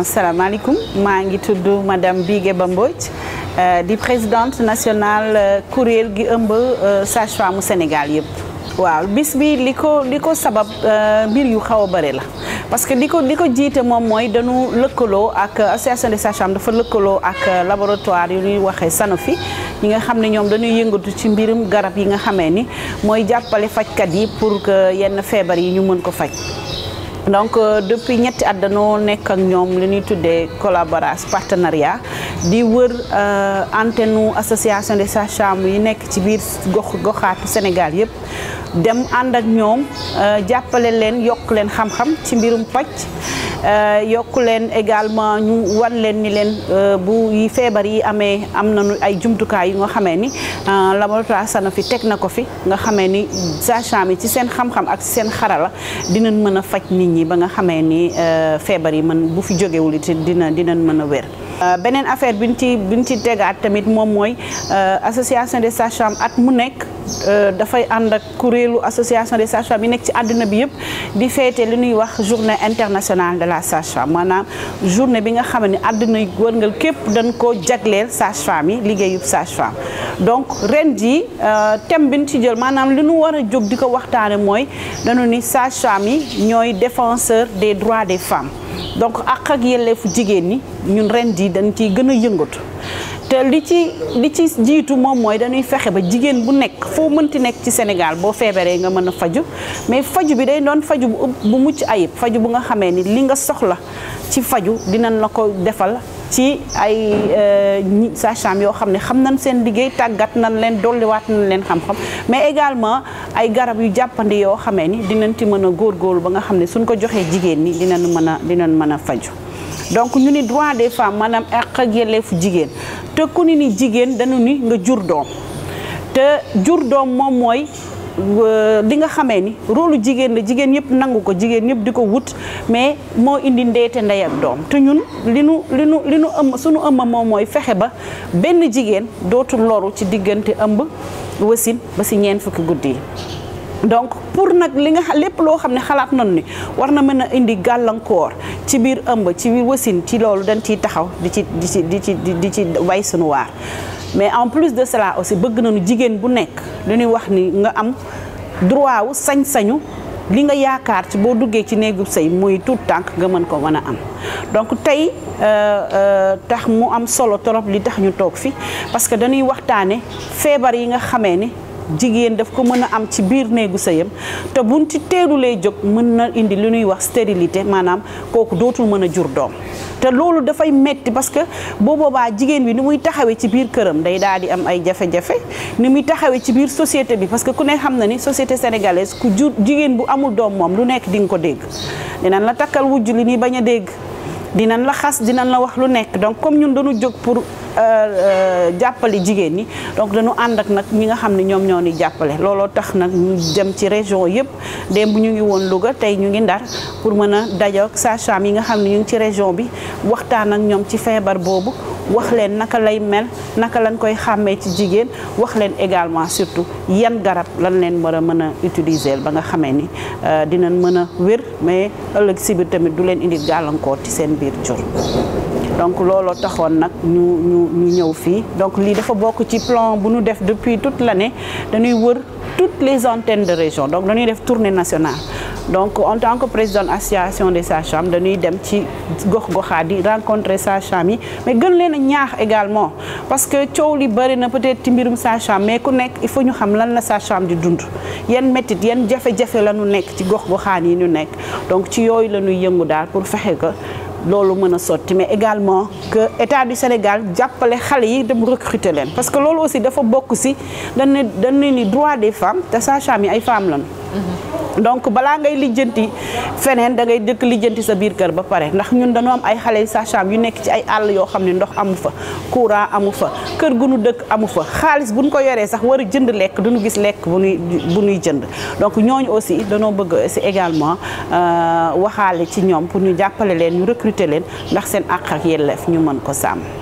asalaamaaleykum maa ngi tudd madame Bigué Ba Mbodj euh, di présidente nationale euh, kuréel gi ëmb euh, sage-femme Sénégal yëpp. waaw bis bi li ko li ko sabab mbir yu xaw a bare la parce que li ko li ko jiite moom mooy dañu lëkkaloo ak association des sages-femmes dafa lëkkaloo ak laboratoire yu ñuy waxee Sanofi. ñi nga xam ne ñoom dañuy yëngatu ci mbirum garab yi nga xamee ni mooy jàppale fajkat yi pour que yenn feebar yi ñu mën ko faj. donc euh, depuis ñetti at nekk ak ñoom li ñuy tuddee collaboration partenariat di wër euh, antenne nu association des sages-femmes yi nekk ci biir gox goxaatu Sénégal yëpp dem ànd ak ñoom euh, jàppale leen yokk leen xam-xam ci mbirum paj Euh, yokk leen également ñu wan leen ni leen euh, bu feebar yi amee am nañu ay jumtukaay yu nga xamee ni euh, laboratoire fi teg na ko fi nga xamee ni sachant mi ci seen xam-xam ak seen xarala dinañ mën a faj nit ñi ba nga xamee ni feebar yi mën bu fi jógewul it dina dinañ mën a wér Euh, beneen affaire bi ñu ci bi ci tegaat tamit moom mooy euh, association des sages-femmes at mu nekk euh, dafay ànd ak kuréelu association des sages-femmes yi nekk ci àdduna bi yëpp di féete li ñuy wax journée internationale de la sage maanaam journée bi nga xam ne àdduna wërngal képp dañ koo jagleel sage-femme yi liggéeyub sage donc ren jii thème bi ñu ci jël maanaam li ñu war a jóg di ko waxtaane mooy dañu ni sage yi ñooy défenseur de droits des femmes donc àq ak yelleefu jigéen ñi ñun ren jii dañ ciy gën a yëngatu te li ci li ci jiitu moom mooy dañuy fexe ba jigéen bu nekk foo mënti nekk ci Sénégal boo feebaree nga mën a faju mais faju bi day doon faju bu mucc ayib faju bu nga xamee ni li nga soxla ci faju dinañ la ko defal ci ay euh, sage-femme yoo xam ne xam nañ seen liggéey tàggat nañ leen dolliwaat nañ leen xam-xam mais également ay garab yu jàppandi yoo xamee ni dinañ ci mën a góor góor ba nga xam ne suñ ko joxee jigéen ñi dinañ mën a dinañ mën a faju donc ñu ni droit des femmes maanaam àq ak yelleefu jigéen te ku ni ni jigéen dañu ni nga jur doom te jur doom moom mooy li euh, nga xamee ni rôle jigéen la jigéen yëpp nangu ko jigéen yëpp di ko wut mais moo indi ndeete ndey ak doom te ñun li nu li nu li nu ëmb suñu ëmb moom mooy fexe ba benn jigéen dootu loru ci diggante ëmb wasin ba si ñeent fukki guddi yi donc pour nag li nga xam lépp loo xam ne xalaat nañu ni war na mën a indi gàllankoor ci biir ëmb ci wasin ci loolu dañ ciy taxaw di ci di ci di ci di ci way sunu waar mais en plus de cela aussi bëgg nañu jigéen bu nekk dañuy wax ni nga am droit wu sañ-sañu li nga yaakaar ci boo duggee ci néegu sëy muy tout tànk nga mën ko mën a am donc tey euh, euh, tax mu am solo torop li tax ñu toog fi parce que dañuy waxtaane feebar yi nga xamee ni jigéen daf ko mën a am ci biir néegu sëyam te buñ ci teelulee jóg mën na indi li ñuy wax stérilité maanaam kooku dootul mën a jur doom te loolu dafay metti parce que boo boobaa jigéen bi ni muy taxawee ci biir këram day daal di am ay jafe-jafe ni muy taxawee ci biir société bi parce que ku ne xam na ni société sénégalaise ku jur jigéen bu amul doom moom lu nekk di nga ko dégg dinañ la takkal wujj li nii bañ a dégg dinañ la xas dinañ la wax lu nekk donc comme ñun dañu jóg pour euh, euh, jàppale jigéen ñi donc dañu ànd ak nag ñi nga xam ne ñoom ñoo ni jàppale looloo tax nag ñu dem ci région yëpp démb ñu ngi woon Louga tey ñu ngi Ndar pour mën a dajo ak yi nga xam ne ñu ci région bi waxtaan ak ñoom ci feebar boobu wax leen naka lay mel naka lañ koy xamé ci jigen wax leen également surtout yan garab lan leen war a utiliser ba nga xamé ni euh, dinañ mën a mais ëllëg si biir tamit du leen indi galankor ci seen biir jur donc lolo taxone nak ñu ñu ñu ñëw fii donc li dafa bok ci plan bu ñu def depuis toute l'année dañuy wër toutes les antennes de région donc dañuy def tournée nationale donc en tant que président association des sages-femmes dañuy dem ci gox-goxaat rencontrer sages-femmes mais gën leen ñaax également parce que coow li bëri na peut-être ci mbirum sage mais ku nekk il faut ñu xam lan la sage-femme di dund yan métit yan jafe-jafe la ñu nekk ci gox-goxaan yi ñu nekk donc ci yooyu la ñuy daal pour fexe que loolu mën a sotti mais également que état du Sénégal jàppale xale yi dem recruter leen parce que loolu aussi dafa bokk si dañ ne dañ ne ni droit des femmes te sages-femmes yi ay femmes lañu. Mm-hmm. donc balaa ngay lijjanti feneen dangay dëkk lijjanti sa biir kër ba pare ndax ñun dañoo am ay xale yu sages yu nekk ci ay àll yoo xam ne ndox amu fa courant amu fa kër gu nu dëkk amu fa xaalis bu ko yoree sax war a jënd lekk du gis lekk bu nuy bu nuy jënd donc ñooñu aussi dañoo bëgg si également euh, waxaale ci ñoom pour ñu jàppale leen ñu recruter leen ndax seen àq ak yelleef ñu mën ko sàmm.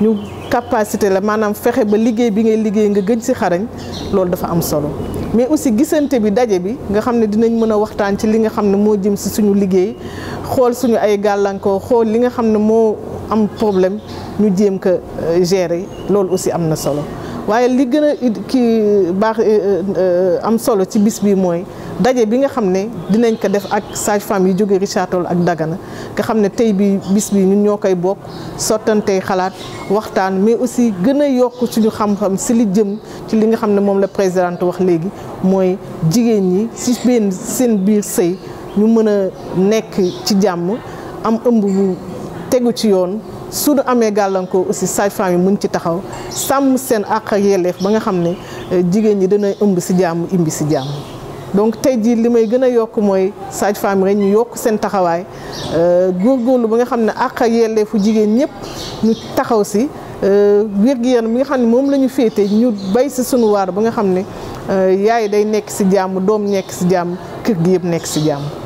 ñu capacité la maanaam fexe ba liggéey bi ngay liggéey nga gëj si xarañ loolu dafa am solo mais aussi gisante bi daje bi nga xam ne dinañ mën a waxtaan ci li nga xam ne moo jëm si suñu liggéey xool suñu ay gàllankoo xool li nga xam ne moo am problème ñu jéem ko euh, gérer loolu aussi am na solo waaye li gën a kii baax euh, euh, am solo ci bis bi mooy daje bi nga xam ne dinañ ko def ak sage-femme yi jóge Richard Toll ak Dagana nga xam ne tey bii bis bi ñun ñoo koy bokk sottantey xalaat waxtaan mais aussi gën a yokk suñu xam-xam si li jëm ci li nga xam ne moom la présidente wax léegi mooy jigéen ñi si benn seen biir sëy ñu mën a nekk ci jàmm am ëmb bu tegu ci yoon suñu amee gàllankoor aussi sage-femme yi mën ci taxaw sàmm seen àq yelleef ba nga xam ne eh, jigéen ñi dana ëmb si jàmm imbi si jàmm donc tey jii li may gën a yokk mooy sage-femme rek ñu yokk seen taxawaay euh, góorgóorlu ba nga xam ne àq ak yelleefu jigéen ñëpp ñu taxaw si euh, wér-gu-yaram bi nga xam ne moom la ñu féete ñu bay si sunu waar ba nga xam ne euh, yaay day nekk si jàmm doom nekk si jàmm kër gi yëpp nekk si jàmm.